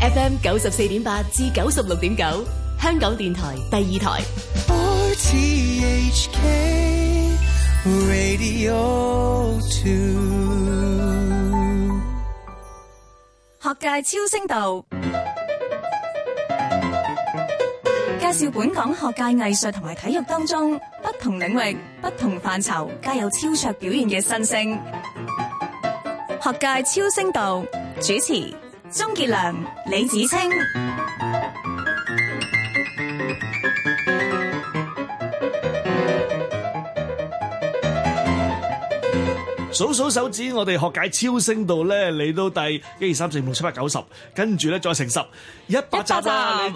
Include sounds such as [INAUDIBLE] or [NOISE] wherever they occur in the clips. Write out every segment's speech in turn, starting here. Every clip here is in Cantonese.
FM 九十四點八至九十六點九，香港電台第二台。RTHK Radio Two。學界超聲道，介紹本港學界、藝術同埋體育當中不同領域、不同範疇皆有超卓表現嘅新星。學界超聲道主持。鍾傑良、李芷菁。數數手指，我哋學界超聲度咧，嚟到第一二三四五六七八九十，跟住咧再乘十，一百集。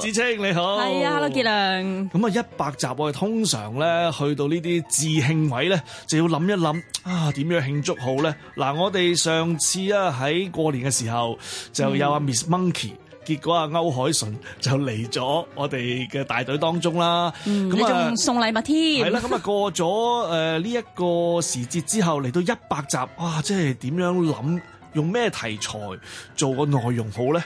李芷菁你好，係啊，鍾傑良。咁啊，一百集我哋通常咧去到自呢啲自慶位咧，就要諗一諗啊，點樣慶祝好咧？嗱、啊，我哋上次啊喺過年嘅時候就有阿 Miss Monkey、嗯。結果啊，歐海純就嚟咗我哋嘅大隊當中啦。咁啊、嗯，那送禮物添、啊。係啦，咁啊過咗誒呢一個時節之後，嚟 [LAUGHS] 到一百集，哇、啊！即係點樣諗，用咩題材做個內容好咧？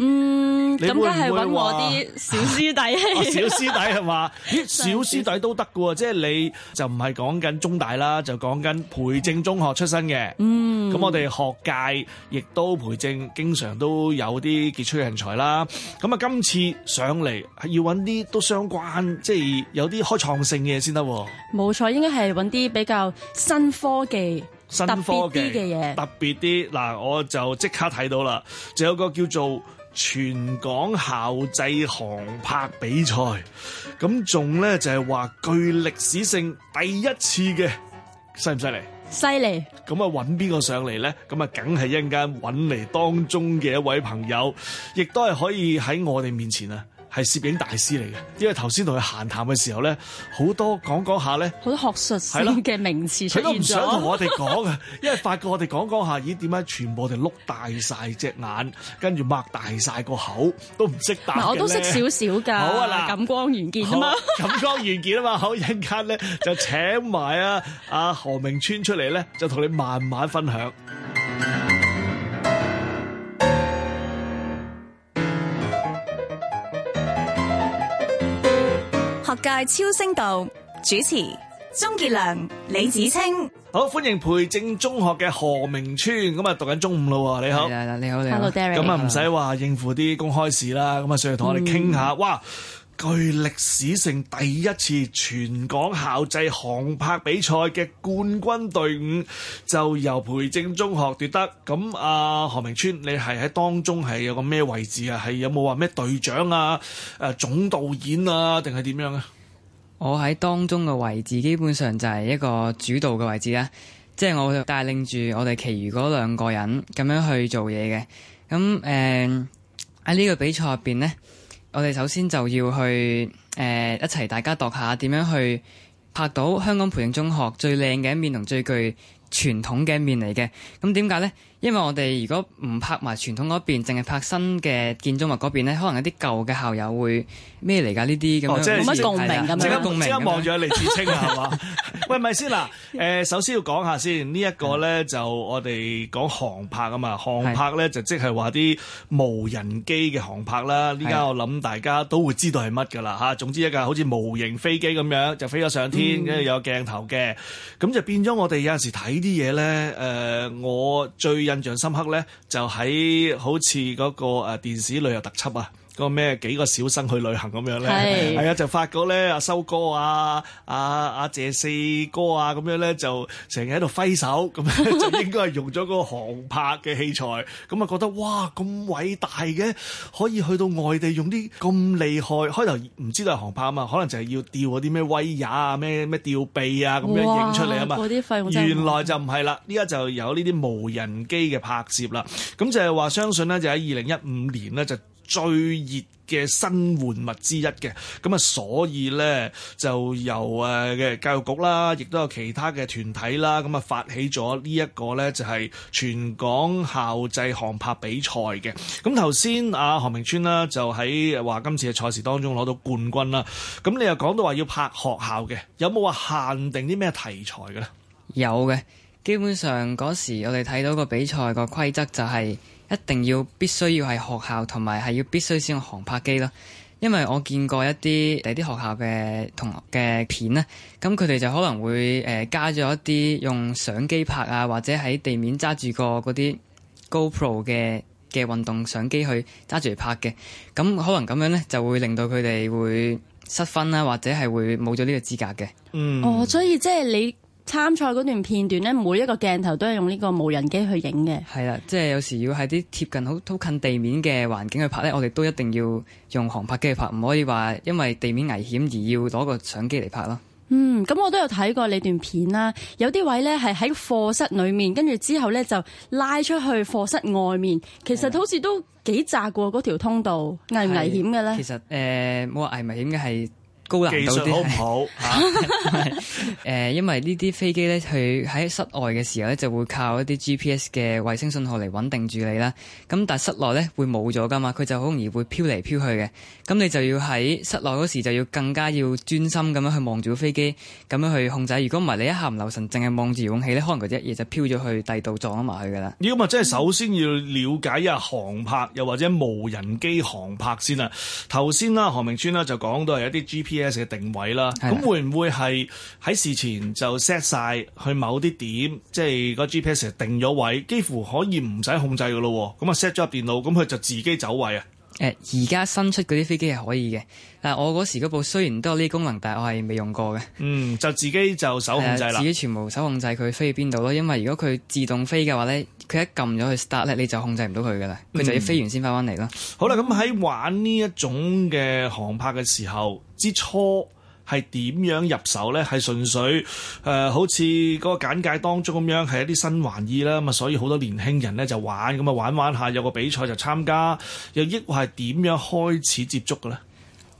嗯，咁梗係揾我啲小師弟、啊、 [LAUGHS] 小師弟係嘛？咦，小師弟都得嘅喎，即係你就唔係講緊中大啦，就講緊培正中學出身嘅。嗯，咁我哋學界亦都培正經常都有啲傑出人才啦。咁啊，今次上嚟係要揾啲都相關，即係有啲開創性嘅嘢先得。冇錯，應該係揾啲比較新科技、新科技嘅嘢，特別啲。嗱，我就即刻睇到啦，就有個叫做。全港校際航拍比賽，咁仲咧就係話具歷史性第一次嘅，犀唔犀利？犀利！咁啊，揾邊個上嚟咧？咁啊，梗係一陣間揾嚟當中嘅一位朋友，亦都係可以喺我哋面前啊！係攝影大師嚟嘅，因為頭先同佢閒談嘅時候咧，好多講講下咧，好多學術性嘅名詞佢 [LAUGHS] 都唔想同我哋講啊。因為發覺我哋講講下，咦點解全部我哋碌大晒隻眼，跟住擘大晒個口，都唔識答我都識少少噶。好啊，嗱，感光元件啊嘛，好 [LAUGHS] 感光元件啊嘛，好，一陣間咧就請埋啊阿何鳴川出嚟咧，就同你慢慢分享。界超聲道主持鍾傑良、李芷菁，好歡迎培正中學嘅何鳴川，咁啊讀緊中五啦，你好，係啦，你好，你好，Hello Derek，咁啊唔使話應付啲公開試啦，咁啊上嚟同我哋傾下，嗯、哇！具歷史性第一次全港校際航拍比賽嘅冠軍隊伍就由培正中學奪得。咁、啊、阿何鳴川，你係喺當中係有個咩位置啊？係有冇話咩隊長啊、誒、啊、總導演啊，定係點樣啊？我喺當中嘅位置基本上就係一個主導嘅位置啦，即、就、係、是、我就帶領住我哋，其餘嗰兩個人咁樣去做嘢嘅。咁誒喺呢個比賽入邊呢。我哋首先就要去誒、呃、一齊大家度下點樣去拍到香港培正中學最靚嘅一面同最具傳統嘅一面嚟嘅，咁點解咧？因為我哋如果唔拍埋傳統嗰邊，淨係拍新嘅建築物嗰邊咧，可能有啲舊嘅校友會咩嚟㗎？呢啲咁樣冇乜共鳴咁啊！即刻共即係望住阿李芷菁啊，係嘛 [LAUGHS] 喂，咪先嗱，誒、呃，首先要講下先，這個、呢一個咧就我哋講航拍啊嘛，航拍咧是就即係話啲無人機嘅航拍啦。依家我諗大家都會知道係乜㗎啦嚇。總之一架好似模型飛機咁樣，就飛咗上天，跟住、嗯、有鏡頭嘅，咁就變咗我哋有陣時睇啲嘢咧。誒、呃，我最印象深刻咧，就喺好似嗰個誒電視旅遊特輯啊！個咩幾個小生去旅行咁樣咧？係啊，就發覺咧，阿修哥啊、阿阿謝四哥啊咁樣咧，就成日喺度揮手咁樣，就應該係用咗嗰個航拍嘅器材。咁啊，覺得哇咁偉大嘅，可以去到外地用啲咁厲害。開頭唔知道係航拍啊嘛，可能就係要吊嗰啲咩威亞啊、咩咩吊臂啊咁樣影出嚟啊嘛。原來就唔係啦，依家就有呢啲無人機嘅拍攝啦。咁就係話相信咧，就喺二零一五年咧就。最熱嘅新玩物之一嘅，咁啊，所以呢，就由誒嘅教育局啦，亦都有其他嘅團體啦，咁啊發起咗呢一個呢，就係全港校際航拍比賽嘅。咁頭先阿何鳴川啦就喺話今次嘅賽事當中攞到冠軍啦。咁你又講到話要拍學校嘅，有冇話限定啲咩題材嘅呢？有嘅，基本上嗰時我哋睇到個比賽個規則就係、是。一定要必須要係學校同埋係要必須先用航拍機咯，因為我見過一啲第啲學校嘅同學嘅片咧，咁佢哋就可能會誒、呃、加咗一啲用相機拍啊，或者喺地面揸住個嗰啲 GoPro 嘅嘅運動相機去揸住嚟拍嘅，咁可能咁樣咧就會令到佢哋會失分啦，或者係會冇咗呢個資格嘅。嗯，哦，所以即係你。參賽嗰段片段呢，每一個鏡頭都係用呢個無人機去影嘅。係啦，即係有時要喺啲貼近好、好近地面嘅環境去拍呢，我哋都一定要用航拍機去拍，唔可以話因為地面危險而要攞個相機嚟拍咯。嗯，咁我都有睇過你段片啦，有啲位呢係喺課室裏面，跟住之後呢就拉出去課室外面，其實好似都幾窄過嗰條通道，危唔危險嘅呢？其實誒，冇話危唔危險嘅係。高難度啲，好唔好？誒， [LAUGHS] [LAUGHS] 因為呢啲飛機咧，佢喺室外嘅時候咧，就會靠一啲 GPS 嘅衛星信號嚟穩定住你啦。咁但係室內咧會冇咗噶嘛，佢就好容易會飄嚟飄去嘅。咁你就要喺室內嗰時就要更加要專心咁樣去望住個飛機，咁樣去控制。如果唔係，你一下唔留神，淨係望住遙控器，咧，可能佢一夜就飄咗去第二度撞咗埋去噶啦。呢個咪即係首先要了解一下航拍，又或者無人機航拍先啦。頭先啦，何鳴川啦就講到係一啲 GPS。GPS 嘅定位啦，咁的會唔會係喺事前就 set 晒去某啲點，即、就、係、是、個 GPS 定咗位，幾乎可以唔使控制噶咯？咁啊 set 咗入電腦，咁佢就自己走位啊？誒、呃，而家新出嗰啲飛機係可以嘅，但係我嗰時嗰部雖然都有呢啲功能，但係我係未用過嘅。嗯，就自己就手控制啦、呃，自己全部手控制佢飛去邊度咯。因為如果佢自動飛嘅話咧，佢一撳咗佢 start 咧，你就控制唔到佢噶啦，佢就要飛完先翻翻嚟咯。好啦，咁喺玩呢一種嘅航拍嘅時候，之初係點樣入手咧？係純粹誒、呃，好似嗰個簡介當中咁樣，係一啲新玩意啦。咁啊，所以好多年輕人咧就玩咁啊，玩玩下，有個比賽就參加。又抑或係點樣開始接觸嘅咧？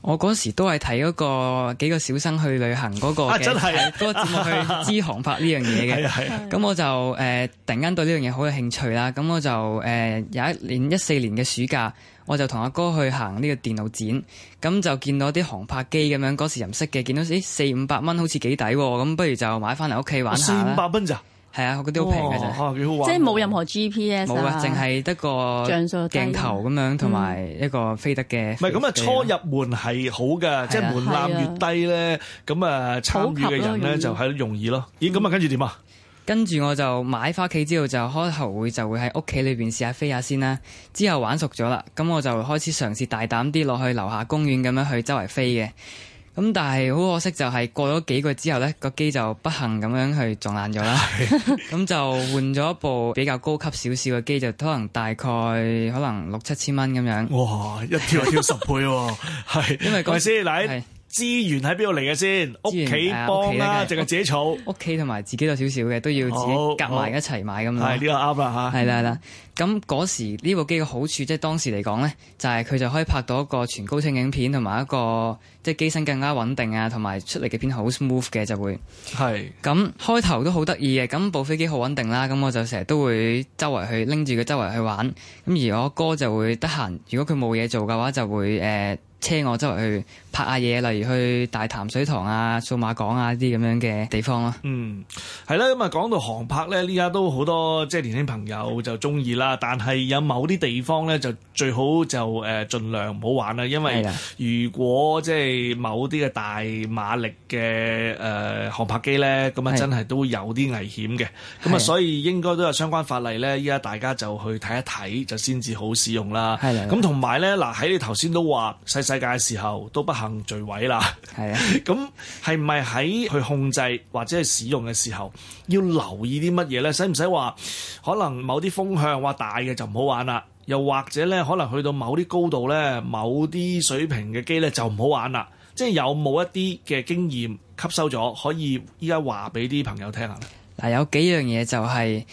我嗰時都係睇嗰個幾個小生去旅行嗰個嘅嗰、啊、個節目去知航拍呢樣嘢嘅，咁 [LAUGHS] 我就誒、呃、突然間對呢樣嘢好有興趣啦。咁我就誒有、呃、一年一四年嘅暑假，我就同阿哥去行呢個電腦展，咁就見到啲航拍機咁樣，嗰時唔識嘅，見到咦，四五百蚊好似幾抵喎，咁不如就買翻嚟屋企玩下啦。四五百蚊咋？係、哦、啊，嗰啲好平嘅啫，即係冇任何 GPS，冇啊，淨係得個鏡頭咁樣，同埋一個飛得嘅。唔係咁啊，初入門係好嘅，嗯、即係門檻越低咧，咁啊參與嘅人咧就係容、嗯、容易咯。咦、欸，咁啊跟住點啊？嗯、跟住我就買翻屋企之後，就開頭會就會喺屋企裏邊試下飛下先啦。之後玩熟咗啦，咁我就開始嘗試大膽啲落去樓下公園咁樣去周圍飛嘅。咁但係好可惜就係過咗幾個月之後呢個機就不幸咁樣去撞爛咗啦，咁是 [LAUGHS] 就換咗部比較高級少少嘅機，就可能大概可能六七千蚊咁樣。哇！一跳就跳十倍喎，哦，係 [LAUGHS] 是，因為嗰位先，資源喺邊度嚟嘅先？屋企屋企，淨係、啊、自己儲。屋企同埋自己有少少嘅都要自己夾埋一齊買咁樣。係呢、呢個啱啦嚇。係啦係啦。咁嗰時呢部機嘅好處，即係當時嚟講咧，就係、是、佢就可以拍到一個全高清影片，同埋一個即係機身更加穩定啊，同埋出嚟嘅片好 smooth 嘅就會。係是。咁開頭都好得意嘅，咁部飛機好穩定啦。咁我就成日都會周圍去拎住佢周圍去玩。咁而我哥，哥就會得閒，如果佢冇嘢做嘅話，就會誒。呃車我周圍去拍下嘢，例如去大潭水塘啊、數碼港啊啲咁樣嘅地方咯。嗯，係啦，咁啊講到航拍咧，依家都好多即係年輕朋友就中意啦。的但係有某啲地方咧，就最好就誒儘量唔好玩啦。因為如果即係某啲嘅大馬力嘅誒航拍機咧，咁啊的真係都有啲危險嘅。咁啊的，所以應該都有相關法例咧，依家大家就去睇一睇就先至好使用啦。係啦的。咁同埋咧，嗱喺你頭先都話細，世界嘅時候都不幸墜毀啦。係啊的，咁係唔係喺去控制或者係使用嘅時候要留意啲乜嘢呢？使唔使話可能某啲風向或大嘅就唔好玩啦？又或者呢，可能去到某啲高度呢，某啲水平嘅機呢就唔好玩啦？即係有冇一啲嘅經驗吸收咗，可以依家話俾啲朋友聽下啊？嗱，有幾樣嘢就係、是。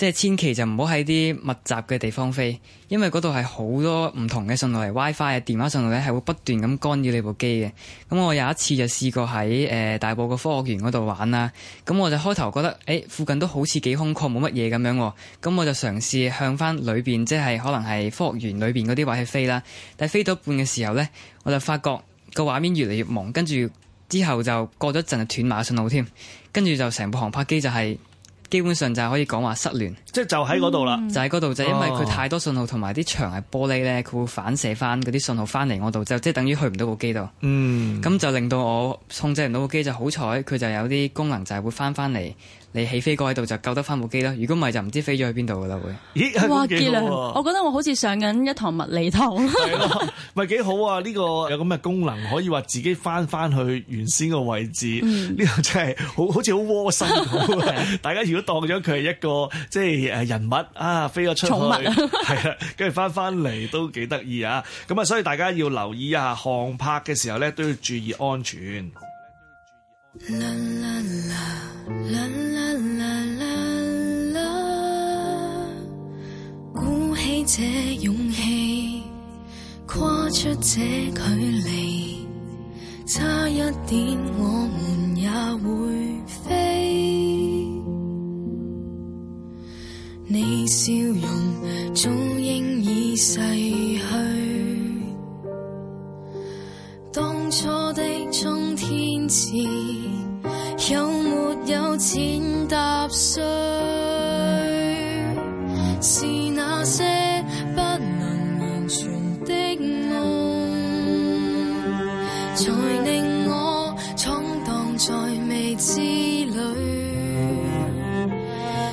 即係千祈就唔好喺啲密集嘅地方飛，因為嗰度係好多唔同嘅信號 WiFi 啊、WiFi, 電話信號咧係會不斷咁干擾你部機嘅。咁我有一次就試過喺誒、呃、大埔個科學園嗰度玩啦。咁我就開頭覺得，誒、欸、附近都好似幾空曠冇乜嘢咁樣。咁我就嘗試向翻裏邊，即係可能係科學園裏邊嗰啲位去飛啦。但係飛到一半嘅時候咧，我就發覺個畫面越嚟越忙，跟住之後就過咗一陣就斷碼信號添。跟住就成部航拍機就係、是。基本上就係可以講話失聯，即係就喺嗰度啦，就喺嗰度就因為佢太多信號同埋啲牆係玻璃呢，佢會反射翻嗰啲信號翻嚟我度，就即係等於去唔到個機度。嗯，咁就令到我控制唔到個機，就好彩佢就有啲功能就係會翻翻嚟。你起飛過喺度就救得翻部機啦，如果唔係就唔知飛咗去邊度噶啦會。咦？啊、哇！傑良，啊，我覺得我好似上緊一堂物理堂，咪幾好啊？呢、這個有咁嘅功能可以話自己翻翻去原先個位置，呢、嗯、個真係好好似好窩心。 [LAUGHS] 大家如果當咗佢係一個即係誒人物啊，飛咗出去係跟住翻翻嚟，都幾得意啊！咁啊寵物， [LAUGHS] 所以大家要留意啊，航拍嘅時候咧都要注意安全。 [LAUGHS] 啦啦啦啦啦！鼓起這勇氣，跨出這距離，差一點我們也會飛。你笑容早應已逝去，當初的衝天志。似踏碎，是那些不能言傳的夢，才令我闖蕩在未知裡。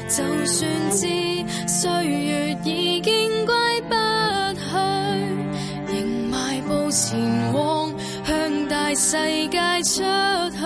就算知歲月已經歸不去，仍邁步前往向大世界出。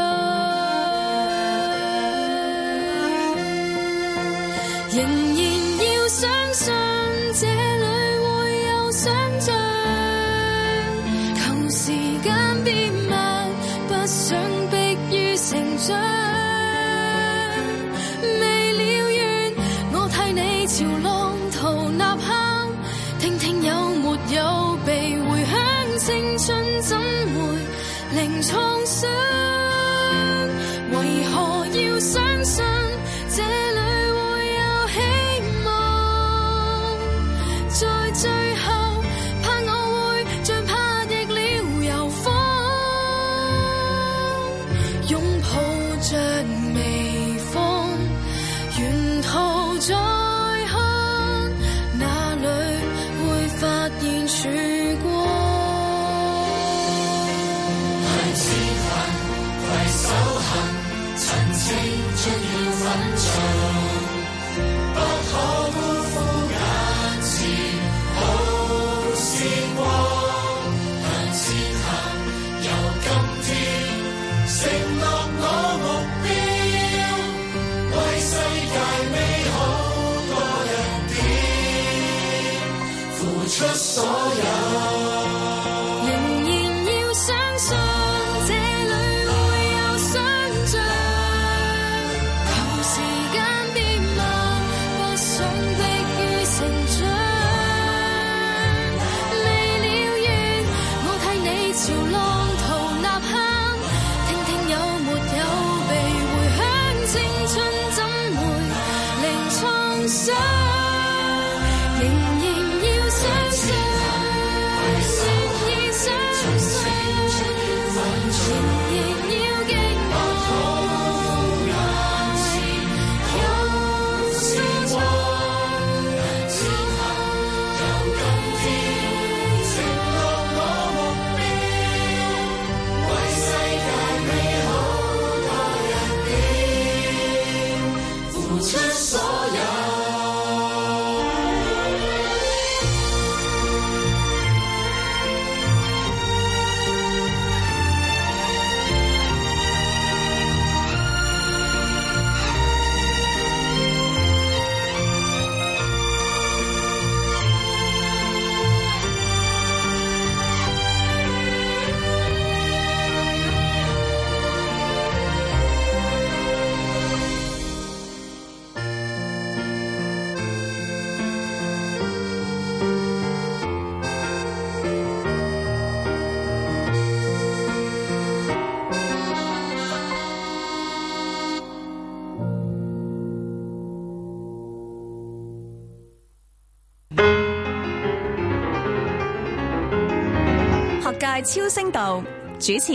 超聲道主持：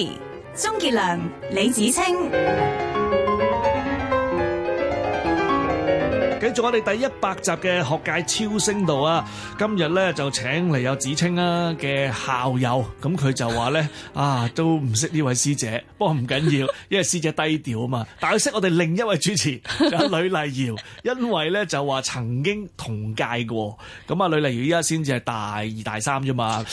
鍾傑良、李芷菁。喺做我哋第一百集嘅學界超星度啊！今日咧就請嚟有芷菁啊嘅校友，咁佢就話咧啊都唔識呢位師姐，不過唔緊要， [LAUGHS] 因為師姐低調啊嘛。但係佢識我哋另一位主持阿呂麗瑤， [LAUGHS] 因為咧就話曾經同屆過，咁啊呂麗瑤依家先至係大二大三啫嘛。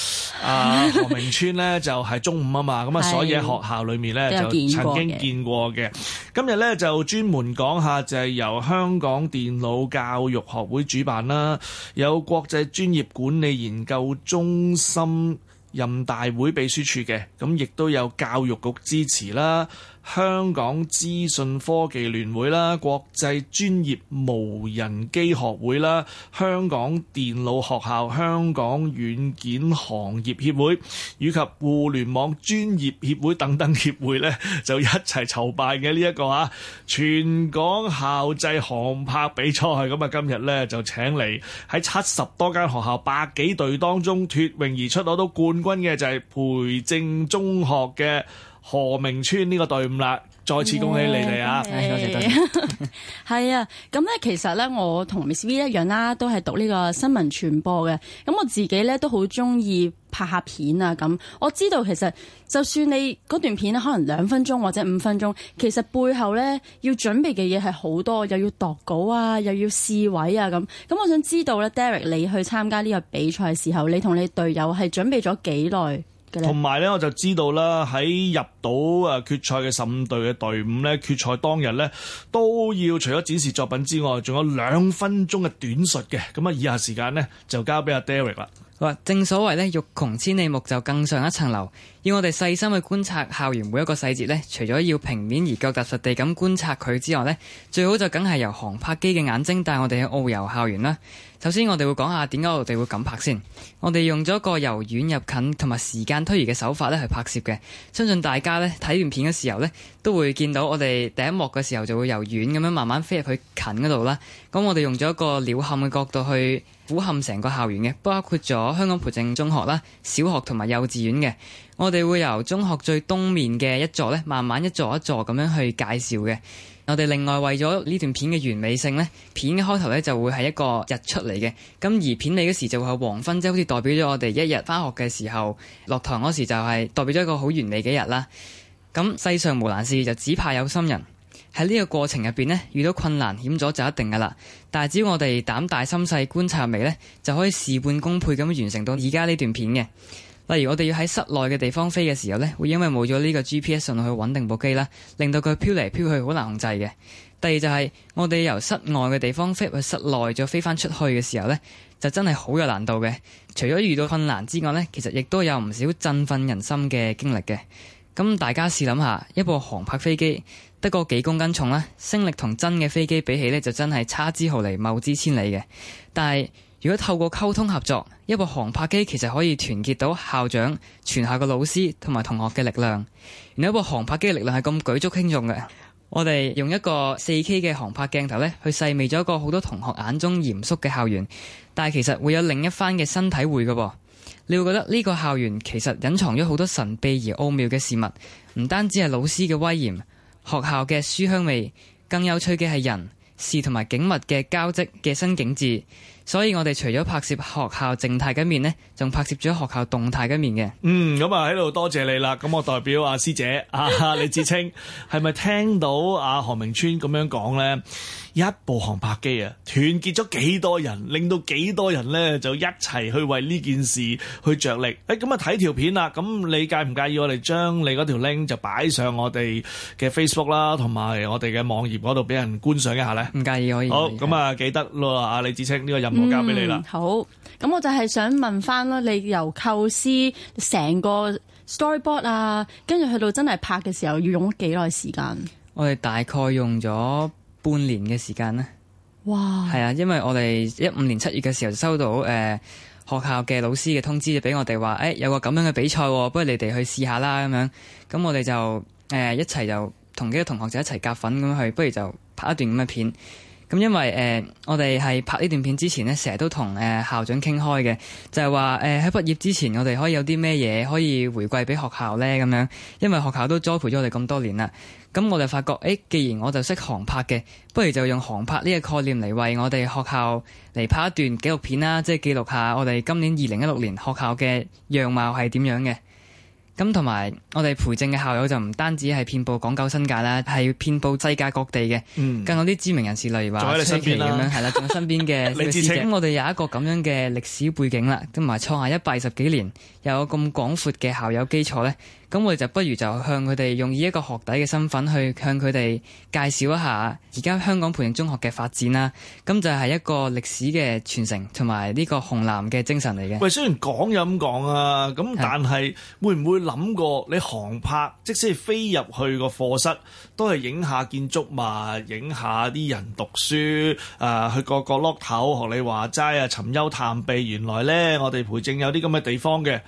啊何明川咧就係、是、中五啊嘛，咁 [LAUGHS] 啊所以喺學校裏面咧是就曾經見過嘅。今日咧就專門講下就係由香港電。老教育學會主辦啦，有國際專業管理研究中心任大會秘書處嘅，咁亦都有教育局支持啦。香港資訊科技聯會啦、國際專業無人機學會啦、香港電腦學校、香港軟件行業協會以及互聯網專業協會等等協會呢，就一齊籌辦嘅呢一個吓全港校際航拍比賽。咁啊，今日呢，就請嚟喺七十多間學校、百幾隊當中脫穎而出攞到冠軍嘅就係培正中學嘅。何鳴川呢個隊伍啦，yeah, 再次恭喜你哋啊！多謝，係啊，咁咧其實咧，我同 Miss V 一樣啦，都係讀呢個新聞傳播嘅。咁我自己咧都好中意拍下片啊，咁我知道其實就算你嗰段片可能兩分鐘或者五分鐘，其實背後咧要準備嘅嘢係好多，又要度稿啊，又要試位啊，咁咁我想知道咧 [LAUGHS] ，Derek 你去參加呢個比賽嘅時候，你同你隊友係準備咗幾耐？同埋咧，我就知道啦，喺入到誒決賽嘅十五隊嘅隊伍呢，決賽當日呢，都要除咗展示作品之外，仲有兩分鐘嘅短述嘅。咁啊，以下時間呢，就交俾阿 Derek 啦。正所謂呢，欲窮千里目，就更上一層樓。要我哋細心去觀察校園每一個細節呢，除咗要平面而腳踏實地咁觀察佢之外呢，最好就梗係由航拍機嘅眼睛帶我哋去遨遊校園啦。首先，我我，我哋會講下點解我哋會咁拍先。我哋用咗個由遠入近同埋時間推移嘅手法咧去拍攝嘅。相信大家咧睇完片嘅時候咧，都會見到我哋第一幕嘅時候就會由遠咁樣慢慢飛入去近嗰度啦。咁我哋用咗一個鳥瞰嘅角度去俯瞰成個校園嘅，包括咗香港培正中學啦、小學同埋幼稚園嘅。我哋會由中學最東面嘅一座咧，慢慢一座一座咁樣去介紹嘅。我哋另外為咗呢段片嘅完美性咧，片嘅開頭咧就會係一個日出嚟嘅，咁而片尾嗰時就會係黃昏，即係好似代表咗我哋一日返學嘅時候落堂，嗰時就係代表咗一個好完美嘅日啦。咁世上無難事，就只怕有心人，喺呢個過程入邊咧，遇到困難險阻就一定噶啦，但係只要我哋膽大心細，觀察未呢，就可以事半功倍咁完成到而家呢段片嘅。例如我哋要喺室內嘅地方飛嘅時候呢，會因為冇咗呢個 GPS 去穩定部機啦，令到佢飄嚟飄去好難控制嘅。第二就係我哋由室外嘅地方飛去室內再飛翻出去嘅時候呢，就真係好有難度嘅。除咗遇到困難之外呢，其實亦都有唔少振奮人心嘅經歷嘅。咁大家試諗下，一部航拍飛機得個幾公斤重啦，升力同真嘅飛機比起呢，就真係差之毫厘謬之千里嘅。但係如果透過溝通合作，一部航拍機其實可以團結到校長、全校嘅老師同埋同學嘅力量。然後一部航拍機嘅力量係咁舉足輕重嘅。我哋用一個四 K 嘅航拍鏡頭呢，去細味咗一個好多同學眼中嚴肅嘅校園，但係其實會有另一番嘅新體會嘅。你會覺得呢個校園其實隱藏咗好多神秘而奧妙嘅事物，唔單止係老師嘅威嚴、學校嘅書香味，更有趣嘅係人事同埋景物嘅交織嘅新景緻。所以我哋除咗拍攝學校靜態嘅面咧，仲拍攝咗學校動態嘅面嘅。嗯，咁啊喺度多謝你啦。咁我代表阿師姐啊李芷菁，係咪聽到阿何鳴川咁樣講咧？一部航拍機啊，團結咗幾多人，令到幾多人咧就一齊去為呢件事去着力。誒，咁啊睇條片啦。咁你介唔介意我哋將你嗰條 link 就擺上我哋嘅 Facebook 啦，同埋我哋嘅網頁嗰度俾人觀賞一下咧？唔介意可以。好，咁啊記得咯，阿李芷菁呢個任。我交俾你啦，嗯，好。咁我就係想問翻啦，你由構思成個 storyboard 啊，跟住去到真係拍嘅時候，要用幾耐時間？我哋大概用咗半年嘅時間啦。哇！係啊，因為我哋一五年七月嘅時候就收到誒、呃、學校嘅老師嘅通知，就俾我哋話，誒有個咁樣嘅比賽，啊，不如你哋去試下啦咁樣。咁我哋就誒、呃、一齊就同幾個同學就一齊夾份咁去，不如就拍一段咁嘅片。咁因為誒、呃，我哋係拍呢段片之前呢，成日都同誒校長傾開嘅，就係話誒喺畢業之前，我哋可以有啲咩嘢可以回饋俾學校呢？咁樣。因為學校都栽培咗我哋咁多年啦，咁我哋發覺誒、欸，既然我就識航拍嘅，不如就用航拍呢個概念嚟為我哋學校嚟拍一段紀錄片啦，即係記錄下我哋今年二零一六年學校嘅樣貌係點樣嘅。咁同埋我哋培正嘅校友就唔單止係遍布港九新界啦，係遍布世界各地嘅，嗯、更有啲知名人士，例如話仲喺你身邊啦，係啦，仲 [LAUGHS] 清我身邊嘅李芷菁，咁我哋有一個咁樣嘅歷史背景啦，同埋創下一百二十幾年，又有咁廣闊嘅校友基礎咧。咁我哋就不如就向佢哋用以一個學弟嘅身份去向佢哋介紹一下而家香港培正中學嘅發展啦。咁就係一個歷史嘅傳承同埋呢個紅藍嘅精神嚟嘅。喂，雖然講又咁講啊，咁但係是會唔會諗過你航拍即使係飛入去個課室都係影下建築物，影下啲人讀書，誒、呃、去個角落頭學你話齋啊，尋幽探秘。原來咧，我哋培正有啲咁嘅地方嘅。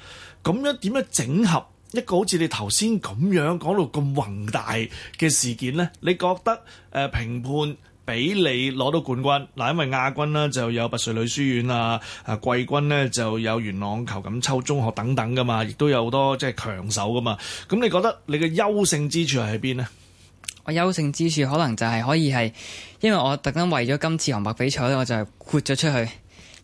咁樣點樣整合？一個好似你頭先咁樣講到咁宏大嘅事件呢，你覺得誒、呃、評判俾你攞到冠軍嗱、啊，因為亞軍呢、啊、就有拔萃女書院啊，啊季軍呢就有元朗球錦秋中學等等噶嘛，亦都有好多即係強手噶嘛，咁你覺得你嘅優勝之處喺邊呢？我優勝之處可能就係可以係，因為我特登為咗今次航拍比賽我就豁咗出去。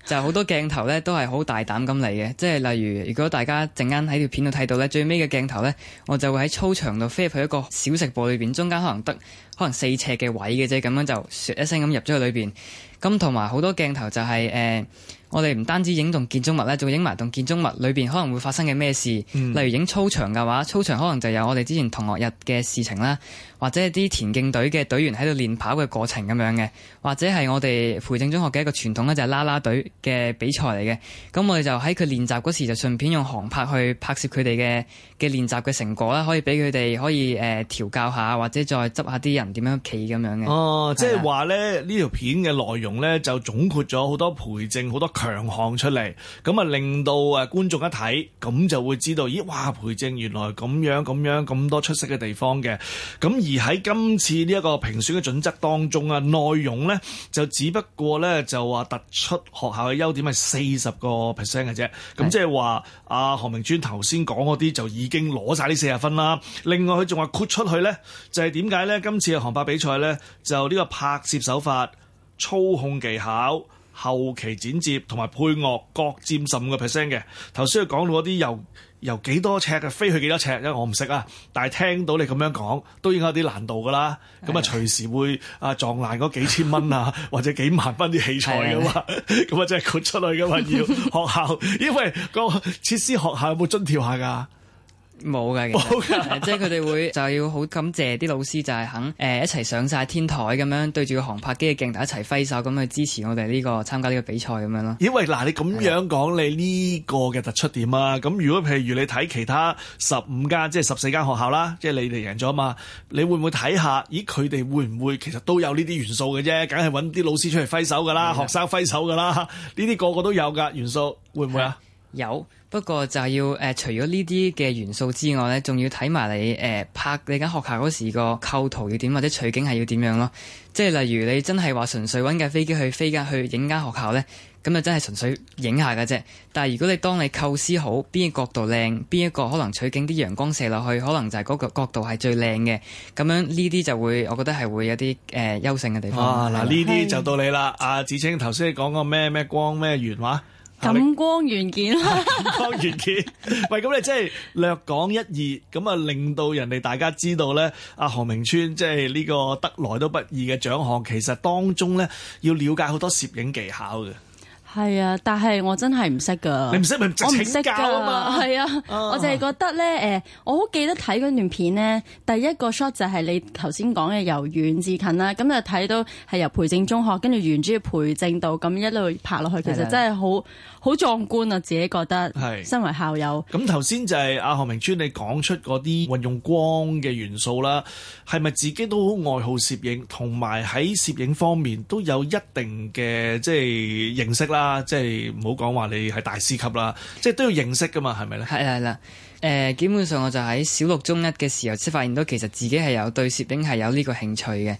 就好多鏡頭咧，都係好大膽咁嚟嘅，即係例如，如果大家陣間喺條片度睇到咧，最尾嘅鏡頭呢，我就會喺操場度飛入去一個小食部裏邊，中間可能得可能四尺嘅位嘅啫，咁樣就説一聲咁入咗去裏邊。咁同埋好多鏡頭就係、是、誒。呃我哋唔單止影棟建築物咧，仲會影埋棟建築物裏邊可能會發生嘅咩事。嗯、例如影操場嘅話，操場可能就有我哋之前同學日嘅事情啦，或者啲田徑隊嘅隊員喺度練跑嘅過程咁樣嘅，或者係我哋培正中學嘅一個傳統咧，就係啦啦隊嘅比賽嚟嘅。咁我哋就喺佢練習嗰時，就順便用航拍去拍攝佢哋嘅。嘅練習嘅成果啦，可以俾佢哋可以誒、呃、調教下，或者再執下啲人點樣企咁樣嘅。哦，樣即係話咧呢條片嘅內容咧就總括咗好多培正，好多強項出嚟，咁啊令到啊觀眾一睇，咁就會知道咦哇培正原來咁樣咁樣咁多出色嘅地方嘅。咁而喺今次呢一個評選嘅準則當中啊，內容咧就只不過咧就話突出學校嘅優點係四十個 percent 嘅啫。咁的即係話阿何鳴川頭先講嗰啲就已。已經攞晒呢四十分啦。另外佢仲話豁出去咧，就係點解咧？今次嘅航拍比賽咧，就呢個拍攝手法、操控技巧、後期剪接、同埋配樂各佔十五個 percent 嘅。頭先佢講到嗰啲由由幾多尺嘅飛去幾多尺，因為我唔識啊。但係聽到你咁樣講，都應該有啲難度噶啦。咁的啊，隨時會啊撞爛嗰幾千蚊啊，或者幾萬蚊啲器材噶嘛。咁啊的， [LAUGHS] 真係豁出去噶嘛？要學校，因為、 [LAUGHS] 欸嗰個設施學校有冇津貼下噶？冇噶，冇噶， [LAUGHS] 即係佢哋會就要好感謝啲老師就，就係肯誒一齊上晒天台咁樣對住個航拍機嘅鏡頭一齊揮手咁去支持我哋呢、這個參加呢個比賽咁樣咯。因為嗱，你咁樣講的你呢個嘅突出點啊，咁如果譬如你睇其他十五間即係十四間學校啦，即係你哋贏咗嘛，你會唔會睇下？咦，佢哋會唔會其實都有呢啲元素嘅啫？梗係揾啲老師出嚟揮手噶啦，的學生揮手噶啦，呢啲個個都有噶元素，會唔會啊？有。不過就係要誒、呃，除咗呢啲嘅元素之外呢仲要睇埋你誒、呃、拍你間學校嗰時個構圖要點，或者取景係要點樣咯。即係例如你真係話純粹揾架飛機去飛間去影間學校呢，咁就真係純粹影下㗎啫。但係如果你當你構思好邊個角度靚，邊一個可能取景啲陽光射落去，可能就係嗰個角度係最靚嘅。咁樣呢啲就會，我覺得係會有啲誒、呃、優勝嘅地方。嗱、啊，呢啲吧就到你啦，阿芷菁頭先講個咩咩光咩原話。感光元件啦， [LAUGHS] 感光元件。 [LAUGHS] 喂，咁你即係略講一二，咁啊，令到人哋大家知道咧，阿何鳴川即係呢個得來都不易嘅獎項，其實當中咧要了解好多攝影技巧嘅。係啊，但係我真係唔識噶，你唔識咪唔請教嘛？係啊，啊我淨係覺得咧，誒，我好記得睇嗰段片咧，第一個 shot 就係你頭先講嘅由遠至近啦，咁就睇到係由培正中學跟住沿住培正道咁一路拍落去，其實真係好。好壯觀啊！自己覺得，係是身為校友。咁頭先就係阿何鳴川，你講出嗰啲運用光嘅元素啦，係咪自己都好愛好攝影，同埋喺攝影方面都有一定嘅即係認識啦，即係唔好講話你係大師級啦，即係都要認識噶嘛，係咪咧？系係啦，誒、呃，基本上我就喺小六中一嘅時候先發現到，其實自己係有對攝影係有呢個興趣嘅，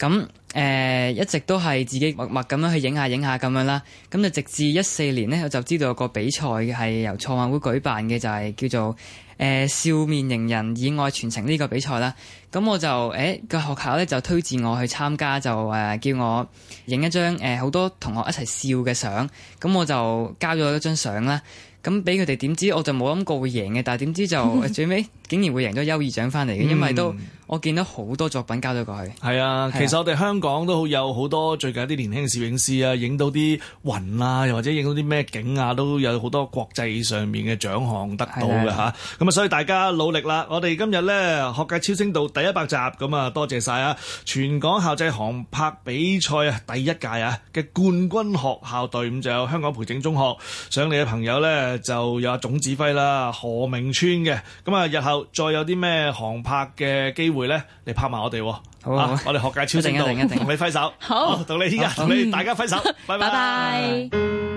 咁。誒、呃，一直都係自己默默咁樣去影下影下咁樣啦，咁就直至一四年呢，我就知道有個比賽係由創辦會舉辦嘅，就係、是、叫做誒、呃、笑面迎人以愛傳情呢個比賽啦。咁我就誒個、欸、學校呢就推薦我去參加，就誒、呃、叫我影一張誒好多同學一齊笑嘅相。咁我就交咗一張相啦。咁俾佢哋點知，我就冇諗過會贏嘅，但係點知就 [LAUGHS] 最尾竟然會贏咗優異獎翻嚟嘅，因為都。 [LAUGHS] 我見到好多作品交咗過去，係啊，啊其實我哋香港都好有好多最近啲年輕攝影師啊，影到啲雲啊，又或者影到啲咩景啊，都有好多國際上面嘅獎項得到嘅吓，咁啊，啊，所以大家努力啦！我哋今日咧學界超聲道第一百集咁啊，多謝晒啊！全港校際航拍比賽啊，第一屆啊嘅冠軍學校隊伍，就有香港培正中學上嚟嘅朋友咧，就有總指揮啦何鳴川嘅。咁啊，日後再有啲咩航拍嘅機會。會咧嚟拍埋我哋，好，好，啊、我哋學界超正，一定一定，同你揮手，好，到你依家同你大家揮手，拜拜。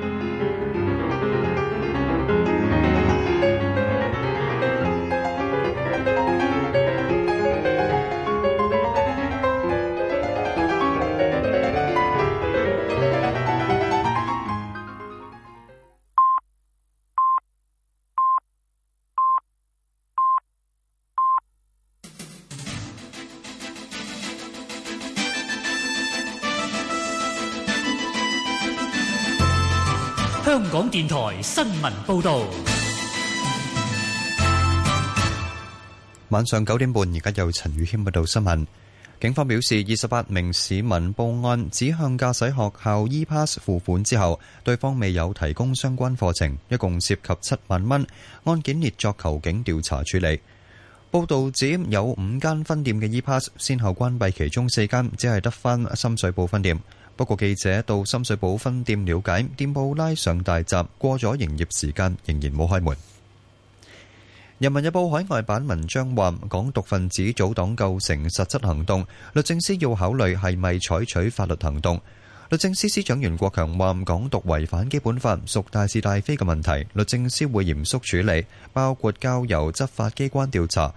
電台新聞報道：晚上九點半，而家有陳宇謙報道新聞。警方表示，二十八名市民報案指向駕駛學校 E Pass 付款之後，對方未有提供相關課程，一共涉及七萬蚊。案件列作求警調查處理。報道指有五間分店嘅 E Pass 先後關閉其中四間，只係得翻深水埗分店。不過記者到深水埗分店了解，店鋪拉上大閘，過咗營業時間仍然冇開門。《人民日報》海外版文章話，港獨分子組黨構成實質行動，律政司要考慮係咪採取法律行動。律政司司長袁國強話，港獨違反基本法，屬大是大非嘅問題，律政司會嚴肅處理，包括交由執法機關調查，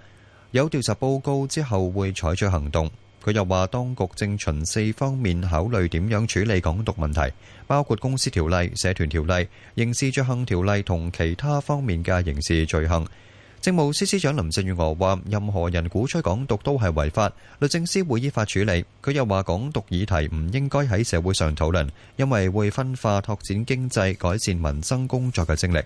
有調查報告之後會採取行動。佢又話，當局正循四方面考慮點樣處理港獨問題，包括公司條例、社團條例、刑事罪行條例同其他方面嘅刑事罪行。政務司司長林鄭月娥話：任何人鼓吹港獨都係違法，律政司會依法處理。佢又話，港獨議題唔應該喺社會上討論，因為會分化拓展經濟、改善民生工作嘅精力。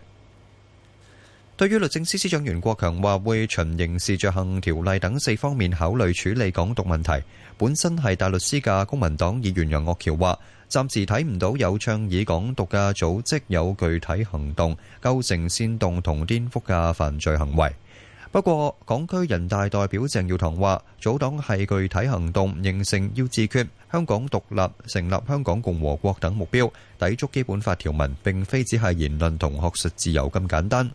對於律政司司長袁國強話會循刑事罪行條例等四方面考慮處理港獨問題，本身係大律師嘅公民黨議員楊岳橋話暫時睇唔到有倡議港獨嘅組織有具體行動構成煽動同顛覆嘅犯罪行為。不過，港區人大代表鄭耀棠話組黨係具體行動，形成要自決香港獨立、成立香港共和國等目標，抵觸基本法條文，並非只係言論同學術自由咁簡單。